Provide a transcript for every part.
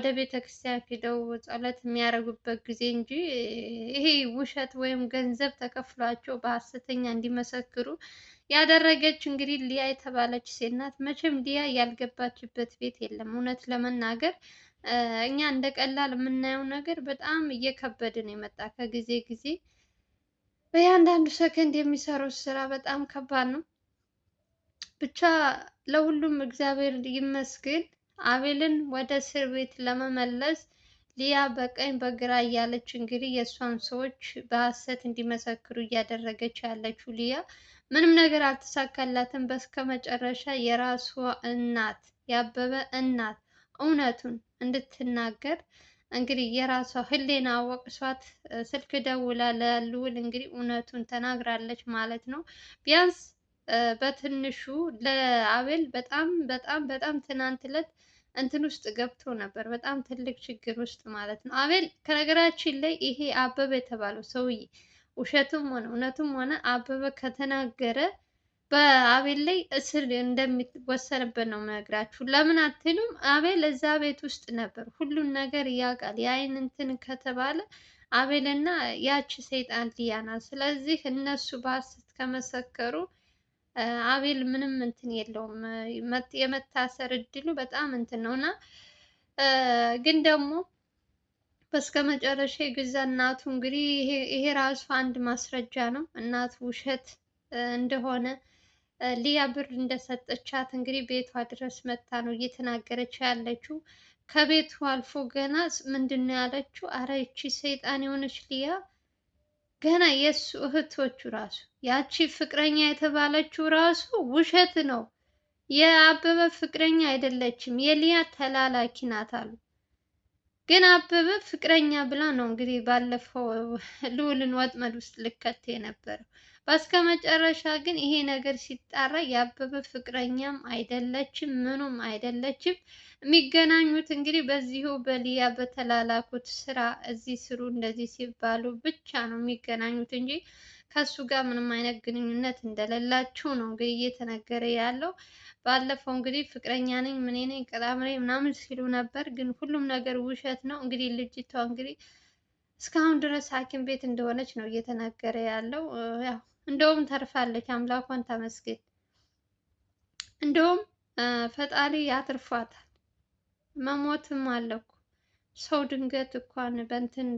ወደ ቤተ ክርስቲያን ሄደው ጸሎት የሚያደርጉበት ጊዜ እንጂ ይሄ ውሸት ወይም ገንዘብ ተከፍሏቸው በሀሰተኛ እንዲመሰክሩ ያደረገች እንግዲህ ሊያ የተባለች ሴት ናት። መቼም ሊያ ያልገባችበት ቤት የለም። እውነት ለመናገር እኛ እንደ ቀላል የምናየው ነገር በጣም እየከበደ ነው የመጣ ከጊዜ ጊዜ በእያንዳንዱ ሰከንድ የሚሰሩት ስራ በጣም ከባድ ነው። ብቻ ለሁሉም እግዚአብሔር ይመስገን። አቤልን ወደ እስር ቤት ለመመለስ ሊያ በቀኝ በግራ እያለች እንግዲህ የእሷን ሰዎች በሀሰት እንዲመሰክሩ እያደረገች ያለችው ሊያ ምንም ነገር አልተሳካላትም። በስከ መጨረሻ የራሷ እናት ያበበ እናት እውነቱን እንድትናገር እንግዲህ የራሷ ሕሊና ወቅሷት ስልክ ደውላ ለልውል እንግዲህ እውነቱን ተናግራለች ማለት ነው። ቢያንስ በትንሹ ለአቤል በጣም በጣም በጣም ትናንት ዕለት እንትን ውስጥ ገብቶ ነበር። በጣም ትልቅ ችግር ውስጥ ማለት ነው። አቤል ከነገራችን ላይ ይሄ አበበ የተባለው ሰውዬ ውሸቱም ሆነ እውነቱም ሆነ አበበ ከተናገረ በአቤል ላይ እስር እንደሚወሰንበት ነው የምነግራችሁ። ለምን አትሉም? አቤል እዛ ቤት ውስጥ ነበር፣ ሁሉን ነገር ያውቃል። የአይን እንትን ከተባለ አቤልና ያቺ ሰይጣን ልያ ስለዚህ እነሱ በሐሰት ከመሰከሩ አቤል ምንም እንትን የለውም የመታሰር እድሉ በጣም እንትን ነው እና ግን ደግሞ በስከ መጨረሻ የገዛ እናቱ እንግዲህ ይሄ ራሱ አንድ ማስረጃ ነው። እናቱ ውሸት እንደሆነ ሊያ ብር እንደሰጠቻት እንግዲህ ቤቷ ድረስ መታ ነው እየተናገረች ያለችው። ከቤቱ አልፎ ገና ምንድን ነው ያለችው? አረ ይቺ ሰይጣን የሆነች ሊያ ገና የእሱ እህቶቹ ራሱ ያቺ ፍቅረኛ የተባለችው ራሱ ውሸት ነው። የአበበ ፍቅረኛ አይደለችም፣ የሊያ ተላላኪ ናት አሉ። ግን አበበ ፍቅረኛ ብላ ነው እንግዲህ ባለፈው ልዑልን ወጥመድ ውስጥ ልከት የነበረው። በስከ መጨረሻ ግን ይሄ ነገር ሲጣራ ያበበ ፍቅረኛም አይደለችም፣ ምኑም አይደለችም። የሚገናኙት እንግዲህ በዚሁ በሊያ በተላላኩት ስራ እዚህ ስሩ እንደዚህ ሲባሉ ብቻ ነው የሚገናኙት እንጂ ከሱ ጋር ምንም አይነት ግንኙነት እንደሌላችሁ ነው እንግዲህ እየተነገረ ያለው። ባለፈው እንግዲህ ፍቅረኛ ነኝ ምን ነኝ ቀላምሬ ምናምን ሲሉ ነበር፣ ግን ሁሉም ነገር ውሸት ነው። እንግዲህ ልጅቷ እንግዲህ እስካሁን ድረስ ሐኪም ቤት እንደሆነች ነው እየተነገረ ያለው ያው እንደውም ተርፋለች። አምላኳን ተመስገን። እንደውም ፈጣሪ ያትርፏታል። መሞትም አለኩ ሰው ድንገት እንኳን በእንትን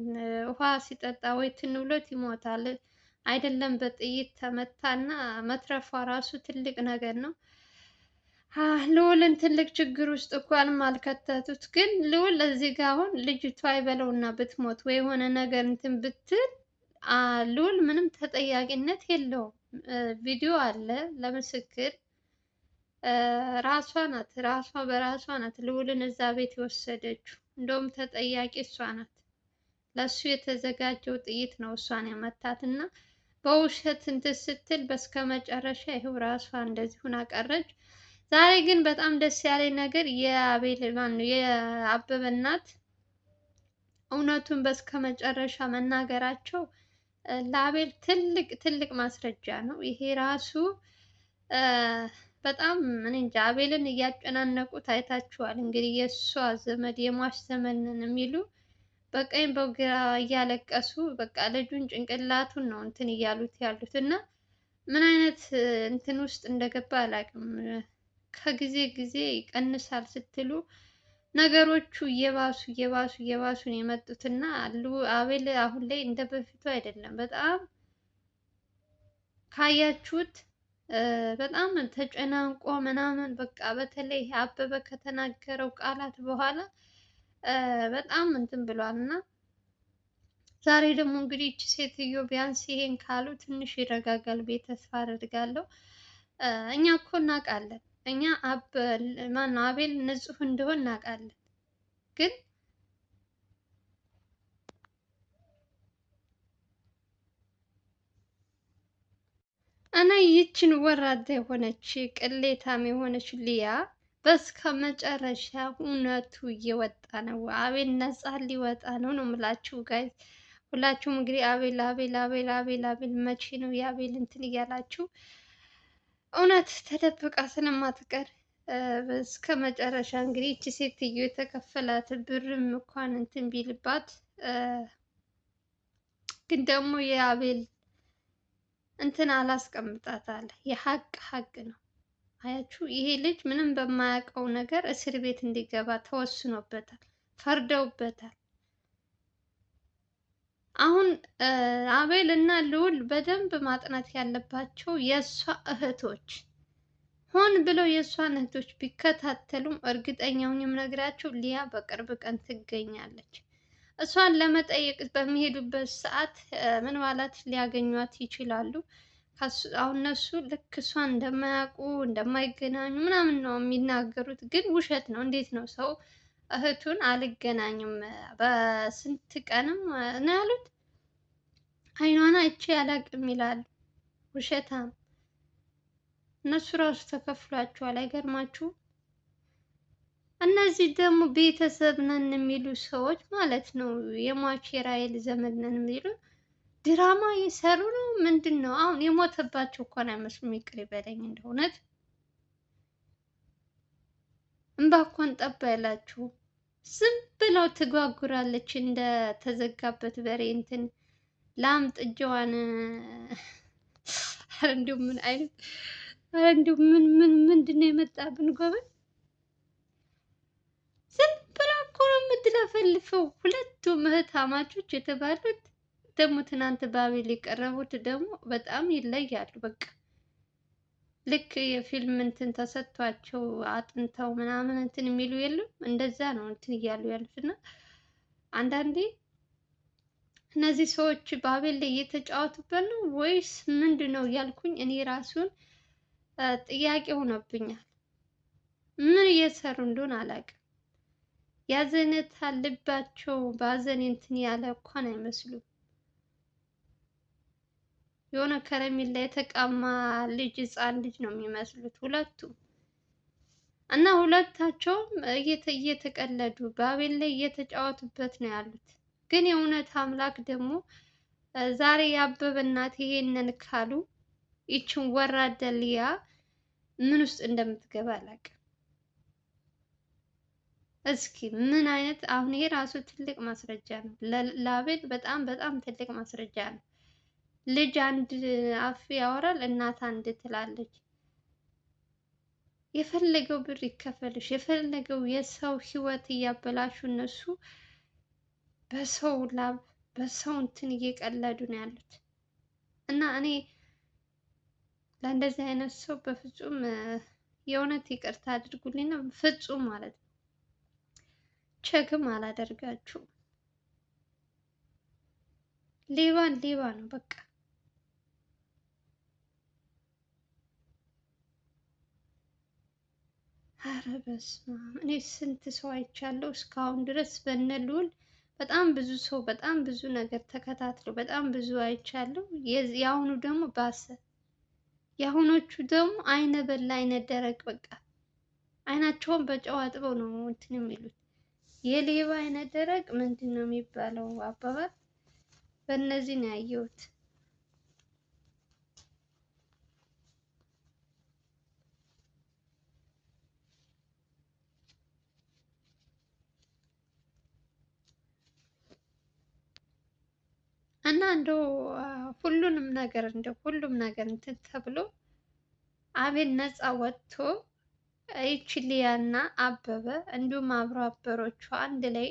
ውሃ ሲጠጣ ወይ ትንብሎት ይሞታል። አይደለም በጥይት ተመታና መትረፏ ራሱ ትልቅ ነገር ነው። ልዑልን ትልቅ ችግር ውስጥ እንኳንም አልከተቱት። ግን ልዑል እዚህ ጋር አሁን ልጅቷ አይበለውና ብትሞት ወይ የሆነ ነገር እንትን ብትል ሉል ምንም ተጠያቂነት የለውም። ቪዲዮ አለ ለምስክር። ራሷ ናት ራሷ በራሷ ናት ልዑልን እዛ ቤት የወሰደችው። እንደውም ተጠያቂ እሷ ናት። ለእሱ የተዘጋጀው ጥይት ነው እሷን የመታት እና በውሸት እንትን ስትል በስከ መጨረሻ ይኸው ራሷ እንደዚሁን አቀረች። ዛሬ ግን በጣም ደስ ያለኝ ነገር የአቤል ማን የአበበ እናት እውነቱን በስከ መጨረሻ መናገራቸው ለአቤል ትልቅ ትልቅ ማስረጃ ነው። ይሄ ራሱ በጣም ምን እንጃ አቤልን እያጨናነቁት አይታችኋል። እንግዲህ የእሷ ዘመድ የሟች ዘመድ የሚሉ በቀኝ በግራ እያለቀሱ በቃ ልጁን ጭንቅላቱን ነው እንትን እያሉት ያሉት እና ምን አይነት እንትን ውስጥ እንደገባ አላውቅም። ከጊዜ ጊዜ ይቀንሳል ስትሉ ነገሮቹ እየባሱ እየባሱ እየባሱ ነው የመጡትና አቤል አሁን ላይ እንደ በፊቱ አይደለም። በጣም ካያችሁት በጣም ተጨናንቆ ምናምን በቃ በተለይ አበበ ከተናገረው ቃላት በኋላ በጣም እንትን ብሏል እና ዛሬ ደግሞ እንግዲህ ይቺ ሴትዮ ቢያንስ ይሄን ካሉ ትንሽ ይረጋጋል ብዬ ተስፋ አደርጋለሁ። እኛ እኮ እናውቃለን እኛ አበል ማን ነው አቤል ንጹህ እንደሆን እናውቃለን፣ ግን እና ይችን ወራዳ የሆነች ቅሌታም የሆነች ሊያ በስከ መጨረሻ እውነቱ እየወጣ ነው። አቤል ነጻ ሊወጣ ነው ነው የምላችሁ ጋይ ሁላችሁም እንግዲህ አቤል አቤል አቤል አቤል አቤል መቼ ነው የአቤል እንትን እያላችሁ እውነት ተደብቃ ስለማትቀር እስከ መጨረሻ እንግዲህ እቺ ሴትዮ የተከፈላት ብርም እንኳን እንትን ቢልባት ግን ደግሞ የአቤል እንትን አላስቀምጣት አለ። የሀቅ ሀቅ ነው። አያችሁ፣ ይሄ ልጅ ምንም በማያውቀው ነገር እስር ቤት እንዲገባ ተወስኖበታል፣ ፈርደውበታል። አሁን አቤል እና ልዑል በደንብ ማጥናት ያለባቸው የእሷ እህቶች ሆን ብለው የእሷን እህቶች ቢከታተሉም እርግጠኛውን የምነግራቸው ሊያ በቅርብ ቀን ትገኛለች። እሷን ለመጠየቅ በሚሄዱበት ሰዓት ምን ማለት ሊያገኟት ይችላሉ። አሁን እነሱ ልክ እሷን እንደማያውቁ እንደማይገናኙ ምናምን ነው የሚናገሩት፣ ግን ውሸት ነው። እንዴት ነው ሰው እህቱን አልገናኝም በስንት ቀንም ነው ያሉት። አይኗን አይቼ አላቅም ይላል። ውሸታም እነሱ ራሱ ተከፍሏቸዋል። አይገርማችሁ? እነዚህ ደግሞ ቤተሰብ ነን የሚሉ ሰዎች ማለት ነው። የሟች የራይል ዘመድ ነን የሚሉ ድራማ እየሰሩ ነው። ምንድን ነው አሁን? የሞተባቸው እኮ ነው አይመስሉም። ይቅር ይበለኝ እንደ እውነት እንባ እንኳን ጠባ ያላችሁ ዝም ብለው ትጓጉራለች እንደተዘጋበት በሬ እንትን ላም ጥጃዋን እንዲሁ ምን አይነት እንዲሁ ምን ምን ምንድን ነው የመጣብን ጎበን ዝም ብላ እኮ ነው የምትለፈልፈው ሁለቱም እህት አማቾች የተባሉት ደግሞ ትናንት ባቤል የቀረቡት ደግሞ በጣም ይለያሉ በቃ ልክ የፊልም እንትን ተሰጥቷቸው አጥንተው ምናምን እንትን የሚሉ የለም። እንደዛ ነው እንትን እያሉ ያሉት እና አንዳንዴ እነዚህ ሰዎች በአቤል ላይ እየተጫወቱበት ነው ወይስ ምንድን ነው እያልኩኝ እኔ ራሱን ጥያቄ ሆኖብኛል። ምን እየሰሩ እንደሆነ አላውቅም። ያዘነታ ልባቸው በአዘን እንትን ያለ እንኳን አይመስሉም። የሆነ ከረሜላ የተቀማ ልጅ ህፃን ልጅ ነው የሚመስሉት ሁለቱም እና ሁለታቸውም እየተቀለዱ በአቤል ላይ እየተጫወቱበት ነው ያሉት። ግን የእውነት አምላክ ደግሞ ዛሬ የአበበ እናት ይሄንን ካሉ ይችን ወራደ ሊያ ምን ውስጥ እንደምትገባ አላውቅም። እስኪ ምን አይነት አሁን ይሄ ራሱ ትልቅ ማስረጃ ነው ለአቤል፣ በጣም በጣም ትልቅ ማስረጃ ነው። ልጅ አንድ አፍ ያወራል፣ እናት አንድ ትላለች። የፈለገው ብር ይከፈልሽ፣ የፈለገው የሰው ህይወት እያበላሹ እነሱ በሰው ላብ በሰው እንትን እየቀለዱ ነው ያሉት እና እኔ ለእንደዚህ አይነት ሰው በፍጹም የእውነት ይቅርታ አድርጉልኝ ነው ፍጹም ማለት ነው። ቸግም አላደርጋችሁም። ሌባን ሌባ ነው በቃ። አረ በስመ አብ! እኔ ስንት ሰው አይቻለሁ እስካሁን ድረስ በነ ልዑል በጣም ብዙ ሰው በጣም ብዙ ነገር ተከታትሎ በጣም ብዙ አይቻለሁ። የአሁኑ ደግሞ ባሰ። የአሁኖቹ ደግሞ አይነ በላ አይነ ደረቅ በቃ አይናቸውን በጨው አጥበው ነው እንትን የሚሉት። የሌባ አይነ ደረቅ ምንድን ነው የሚባለው አባባል? በእነዚህ ነው ያየሁት። እና እንደው ሁሉንም ነገር እንደው ሁሉም ነገር እንትን ተብሎ አቤል ነፃ ወጥቶ ይቺ ሊያ እና አበበ እንዲሁም አብሮ አበሮቹ አንድ ላይ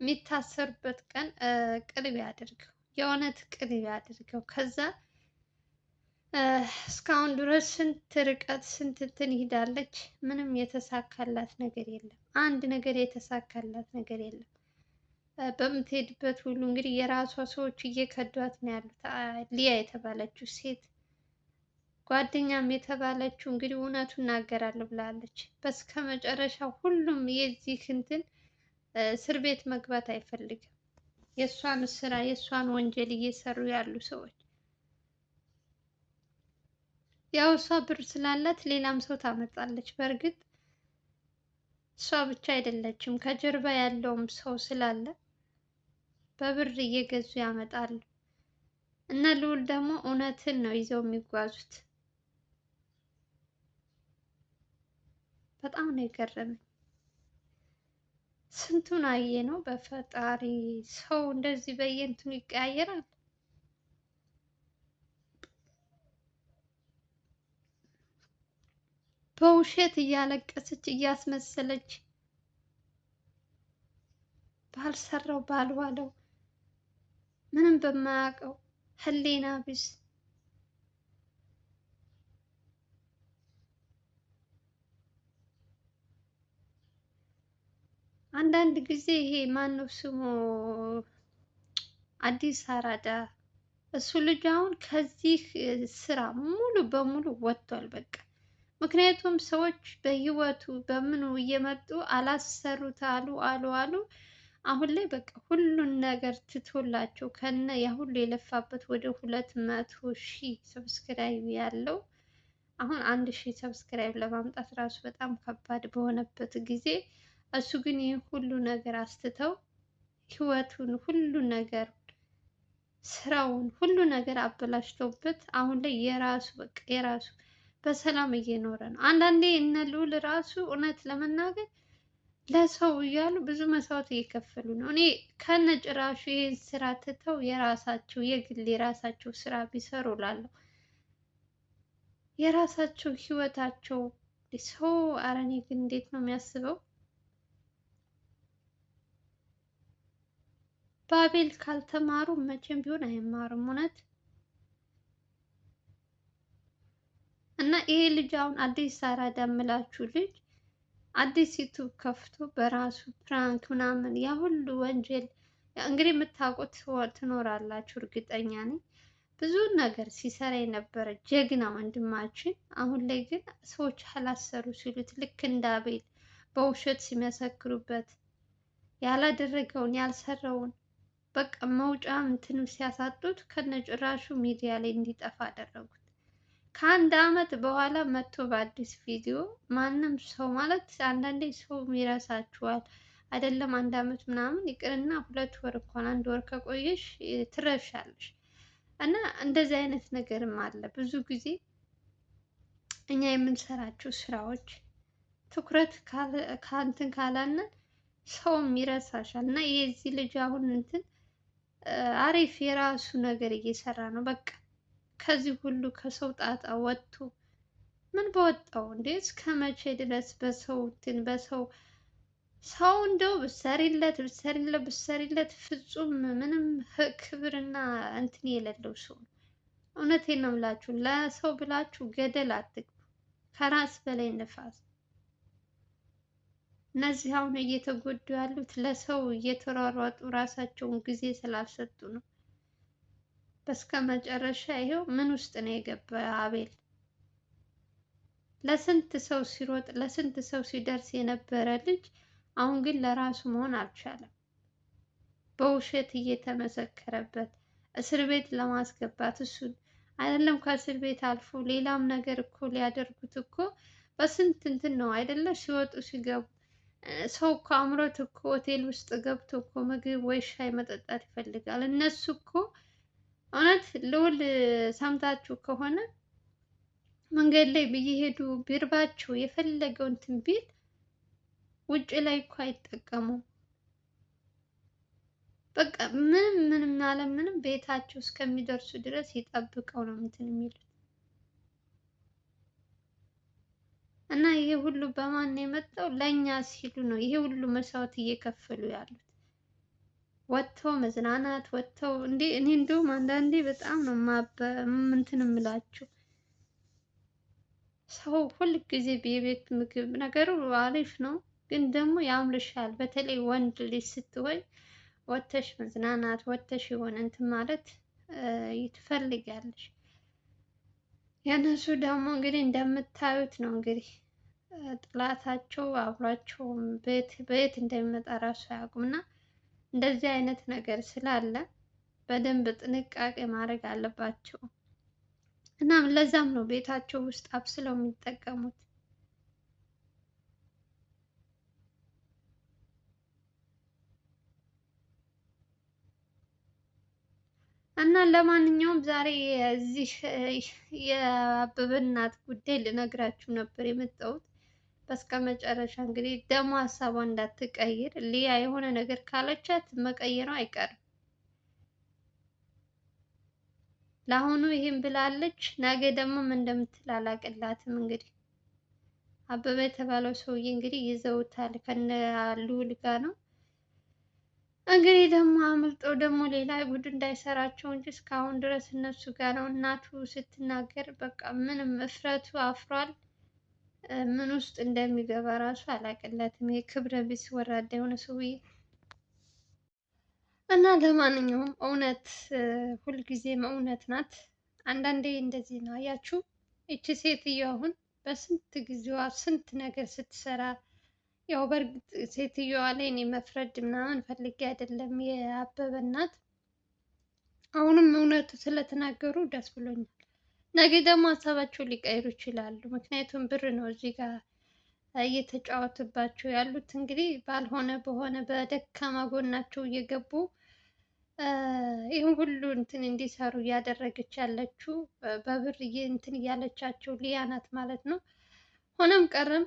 የሚታሰሩበት ቀን ቅርብ ያድርገው፣ የእውነት ቅርብ ያድርገው። ከዛ እስካሁን ድረስ ስንት ርቀት ስንት እንትን ይሄዳለች፣ ምንም የተሳካላት ነገር የለም። አንድ ነገር የተሳካላት ነገር የለም። በምትሄድበት ሁሉ እንግዲህ የራሷ ሰዎች እየከዷት ነው ያሉት። ሊያ የተባለችው ሴት ጓደኛም የተባለችው እንግዲህ እውነቱ እናገራለሁ ብላለች። በስከ መጨረሻ ሁሉም የዚህ እንትን እስር ቤት መግባት አይፈልግም። የእሷን ስራ የእሷን ወንጀል እየሰሩ ያሉ ሰዎች ያው እሷ ብር ስላላት ሌላም ሰው ታመጣለች። በእርግጥ እሷ ብቻ አይደለችም ከጀርባ ያለውም ሰው ስላለ በብር እየገዙ ያመጣሉ። እነ ልዑል ደግሞ እውነትን ነው ይዘው የሚጓዙት። በጣም ነው የገረመኝ። ስንቱን አየ ነው በፈጣሪ ሰው እንደዚህ በየእንትኑ ይቀያየራል። በውሸት እያለቀሰች እያስመሰለች ባልሰራው ባልዋለው ምንም በማያውቀው ህሊና ቢስ አንዳንድ ጊዜ ይሄ ነው ስሙ አዲስ አራዳ እሱ ልጅ አሁን ከዚህ ስራ ሙሉ በሙሉ ወጥቷል። በቃ ምክንያቱም ሰዎች በህይወቱ በምኑ እየመጡ አላሰሩት አሉ አሉ አሉ አሁን ላይ በቃ ሁሉን ነገር ትቶላቸው ከነ ያ ሁሉ የለፋበት ወደ ሁለት መቶ ሺህ ሰብስክራይብ ያለው አሁን አንድ ሺህ ሰብስክራይብ ለማምጣት ራሱ በጣም ከባድ በሆነበት ጊዜ እሱ ግን ይህ ሁሉ ነገር አስትተው ህይወቱን ሁሉ ነገር ስራውን ሁሉ ነገር አበላሽተውበት አሁን ላይ የራሱ በቃ የራሱ በሰላም እየኖረ ነው። አንዳንዴ እነ ልዑል ራሱ እውነት ለመናገር ለሰው እያሉ ብዙ መስዋዕት እየከፈሉ ነው። እኔ ከነጭራሹ ይህን ስራ ትተው የራሳቸው የግል የራሳቸው ስራ ቢሰሩ እላለሁ። የራሳቸው ህይወታቸው ሰው ኧረ ግን እንዴት ነው የሚያስበው? ባቤል ካልተማሩ መቼም ቢሆን አይማሩም። እውነት እና ይሄ ልጅ አሁን አዲስ አራዳ የምላችሁ ልጅ አዲስ ዩቱብ ከፍቶ በራሱ ፕራንክ ምናምን ያ ሁሉ ወንጀል እንግዲህ የምታውቁት ትኖራላችሁ እርግጠኛ ነኝ። ብዙ ነገር ሲሰራ የነበረ ጀግና ወንድማችን አሁን ላይ ግን ሰዎች አላሰሩ ሲሉት ልክ እንደ አቤል በውሸት ሲመሰክሩበት ያላደረገውን ያልሰራውን በቃ መውጫ እንትንም ሲያሳጡት ከነጭራሹ ሚዲያ ላይ እንዲጠፋ አደረጉት። ከአንድ አመት በኋላ መጥቶ በአዲስ ቪዲዮ ማንም ሰው ማለት አንዳንዴ ሰው ይረሳችኋል አይደለም። አንድ አመት ምናምን ይቅርና ሁለት ወር እንኳን አንድ ወር ከቆየሽ ትረሻለሽ። እና እንደዚህ አይነት ነገርም አለ። ብዙ ጊዜ እኛ የምንሰራቸው ስራዎች ትኩረት ከእንትን ካላነን ሰውም ይረሳሻል። እና የዚህ ልጅ አሁን እንትን አሪፍ የራሱ ነገር እየሰራ ነው በቃ ከዚህ ሁሉ ከሰው ጣጣ ወጥቶ ምን በወጣው እንዴ? እስከ መቼ ድረስ በሰው እንትን በሰው ሰው እንደው ብሰሪለት ብሰሪለት ብሰሪለት ፍጹም ምንም ክብርና እንትን የሌለው ሰው ነው። እውነቴን ነው የምላችሁ። ለሰው ብላችሁ ገደል አትግቡ። ከራስ በላይ ንፋስ። እነዚህ አሁን እየተጎዱ ያሉት ለሰው እየተሯሯጡ ራሳቸውን ጊዜ ስላልሰጡ ነው። በስከ መጨረሻ ይሄው ምን ውስጥ ነው የገባ አቤል። ለስንት ሰው ሲሮጥ ለስንት ሰው ሲደርስ የነበረ ልጅ አሁን ግን ለራሱ መሆን አልቻለም። በውሸት እየተመሰከረበት እስር ቤት ለማስገባት እሱን አይደለም ከእስር ቤት አልፎ ሌላም ነገር እኮ ሊያደርጉት እኮ በስንት እንትን ነው አይደለ ሲወጡ ሲገቡ ሰው እኮ አምሮት እኮ ሆቴል ውስጥ ገብቶ እኮ ምግብ ወይ ሻይ መጠጣት ይፈልጋል። እነሱ እኮ እውነት ልዑል ሰምታችሁ ከሆነ መንገድ ላይ እየሄዱ ቢርባቸው የፈለገውን ትንቢት ውጭ ላይ እኮ አይጠቀሙም። በቃ ምንም ምንም አለ ምንም ቤታቸው እስከሚደርሱ ድረስ ይጠብቀው ነው እንትን የሚሉት እና ይሄ ሁሉ በማን ነው የመጣው? ለእኛ ሲሉ ነው ይሄ ሁሉ መስዋዕት እየከፈሉ ያሉት። ወጥቶ መዝናናት ወጥቶ እንዴ እኔ እንደውም አንዳንዴ በጣም ነው እንትን እምላችሁ ሰው ሁል ጊዜ የቤት ምግብ ነገሩ አሪፍ ነው፣ ግን ደግሞ ያምርሻል። በተለይ ወንድ ልጅ ስትሆኝ ወጥተሽ መዝናናት ወጥተሽ የሆነ እንትን ማለት ትፈልጊያለሽ። የእነሱ ደግሞ እንግዲህ እንደምታዩት ነው እንግዲህ ጥላታቸው አብሯቸው በየት እንደሚመጣ ራሱ አያውቁም እና እንደዚህ አይነት ነገር ስላለ በደንብ ጥንቃቄ ማድረግ አለባቸው። እናም ለዛም ነው ቤታቸው ውስጥ አብስለው የሚጠቀሙት። እና ለማንኛውም ዛሬ የዚህ የአበበ እናት ጉዳይ ልነግራችሁ ነበር የመጣሁት። በስከ መጨረሻ እንግዲህ ደግሞ ሀሳቧ እንዳትቀይር ሊያ የሆነ ነገር ካለቻት መቀየሯ አይቀርም። ለአሁኑ ይህም ብላለች። ነገ ደግሞ ምን እንደምትል አላቅላትም። እንግዲህ አበበ የተባለው ሰውዬ እንግዲህ ይዘውታል ከነ ልዑል ጋ ነው እንግዲህ ደግሞ አምልጦ ደግሞ ሌላ ጉድ እንዳይሰራቸው እንጂ እስካሁን ድረስ እነሱ ጋር ነው። እናቱ ስትናገር በቃ ምንም እፍረቱ አፍሯል። ምን ውስጥ እንደሚገባ ራሱ አላቅለትም። የክብረ ቢስ ወራዳ የሆነ ሰውዬ እና ለማንኛውም እውነት ሁልጊዜም እውነት ናት። አንዳንዴ እንደዚህ ነው አያችሁ። ይቺ ሴትዮ አሁን በስንት ጊዜዋ ስንት ነገር ስትሰራ ያው በእርግጥ ሴትዮዋ ላይ እኔ መፍረድ ምናምን ፈልጌ አይደለም። የአበበ እናት አሁንም እውነቱ ስለተናገሩ ደስ ብሎኛል። ነገ ደግሞ ሀሳባቸው ሊቀይሩ ይችላሉ። ምክንያቱም ብር ነው እዚህ ጋር እየተጫወትባቸው ያሉት። እንግዲህ ባልሆነ በሆነ በደካማ ጎናቸው እየገቡ ይህን ሁሉ እንትን እንዲሰሩ እያደረገች ያለችው በብር እንትን እያለቻቸው ሊያ ናት ማለት ነው። ሆነም ቀረም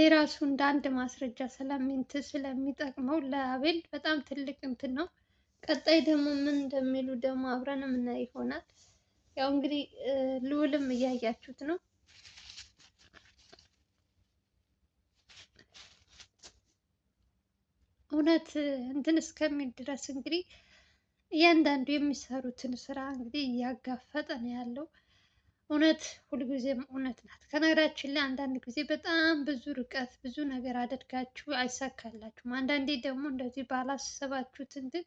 ሌራሱ እንደ አንድ ማስረጃ ስለሚንት ስለሚጠቅመው ለአቤል በጣም ትልቅ እንትን ነው። ቀጣይ ደግሞ ምን እንደሚሉ ደግሞ አብረን የምናይ ይሆናል። ያው እንግዲህ ልዑልም እያያችሁት ነው። እውነት እንትን እስከሚል ድረስ እንግዲህ እያንዳንዱ የሚሰሩትን ስራ እንግዲህ እያጋፈጠ ነው ያለው። እውነት ሁልጊዜም እውነት ናት። ከነገራችን ላይ አንዳንድ ጊዜ በጣም ብዙ ርቀት ብዙ ነገር አድርጋችሁ አይሳካላችሁም። አንዳንዴ ደግሞ እንደዚህ ባላሰባችሁት እንትን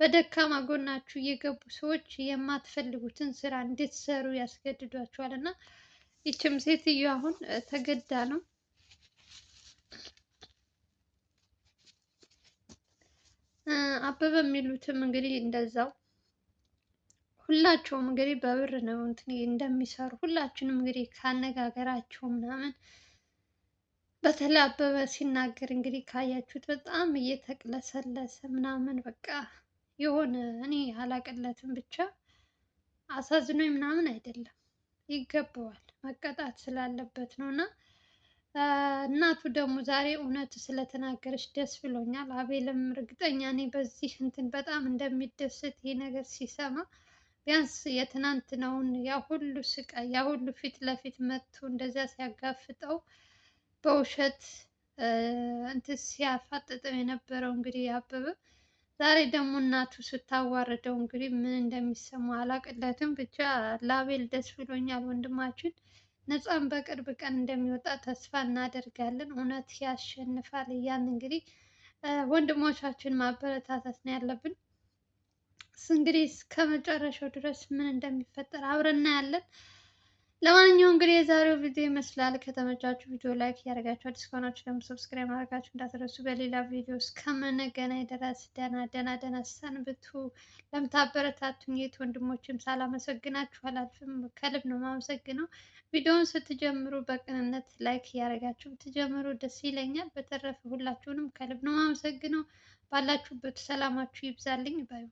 በደካማ ጎናችሁ የገቡ ሰዎች የማትፈልጉትን ስራ እንድትሰሩ ያስገድዷችኋል። እና ይችም ሴትዮ አሁን ተገዳ ነው አበበ የሚሉትም እንግዲህ እንደዛው ሁላቸውም እንግዲህ በብር ነው እንትን እንደሚሰሩ ሁላችንም እንግዲህ ካነጋገራቸው ምናምን በተለይ አበበ ሲናገር እንግዲህ ካያችሁት በጣም እየተቅለሰለሰ ምናምን በቃ የሆነ እኔ አላቅለትም ብቻ አሳዝኖኝ ምናምን አይደለም፣ ይገባዋል መቀጣት ስላለበት ነው። እና እናቱ ደግሞ ዛሬ እውነት ስለተናገረች ደስ ብሎኛል። አቤልም እርግጠኛ እኔ በዚህ እንትን በጣም እንደሚደሰት ይሄ ነገር ሲሰማ ቢያንስ የትናንትናውን ያ ሁሉ ስቃይ ያ ሁሉ ፊት ለፊት መጥቶ እንደዚያ ሲያጋፍጠው በውሸት እንትን ሲያፋጥጠው የነበረው እንግዲህ አበበ ዛሬ ደግሞ እናቱ ስታዋርደው እንግዲህ ምን እንደሚሰማው አላቅለትም። ብቻ ላቤል ደስ ብሎኛል ወንድማችን ነጻን በቅርብ ቀን እንደሚወጣ ተስፋ እናደርጋለን። እውነት ያሸንፋል እያን እንግዲህ ወንድሞቻችን ማበረታታት ነው ያለብን። እንግዲህ እስከ መጨረሻው ድረስ ምን እንደሚፈጠር አብረና ያለን ለማንኛውም እንግዲህ የዛሬው ቪዲዮ ይመስላል። ከተመቻችሁ ቪዲዮ ላይክ እያደረጋችሁ አዲስ ከሆናችሁ ደግሞ ሰብስክራይብ ማድረጋችሁ እንዳትረሱ። በሌላ ቪዲዮ እስከምንገናኝ ድረስ ደህና ደህና ደህና ሰንብቱ። ለምታበረታቱኝ የት ወንድሞችም ሳላመሰግናችሁ አላልፍም። ከልብ ነው ማመሰግነው። ቪዲዮውን ስትጀምሩ በቅንነት ላይክ እያደረጋችሁ ብትጀምሩ ደስ ይለኛል። በተረፈ ሁላችሁንም ከልብ ነው ማመሰግነው። ባላችሁበት ሰላማችሁ ይብዛልኝ ባይ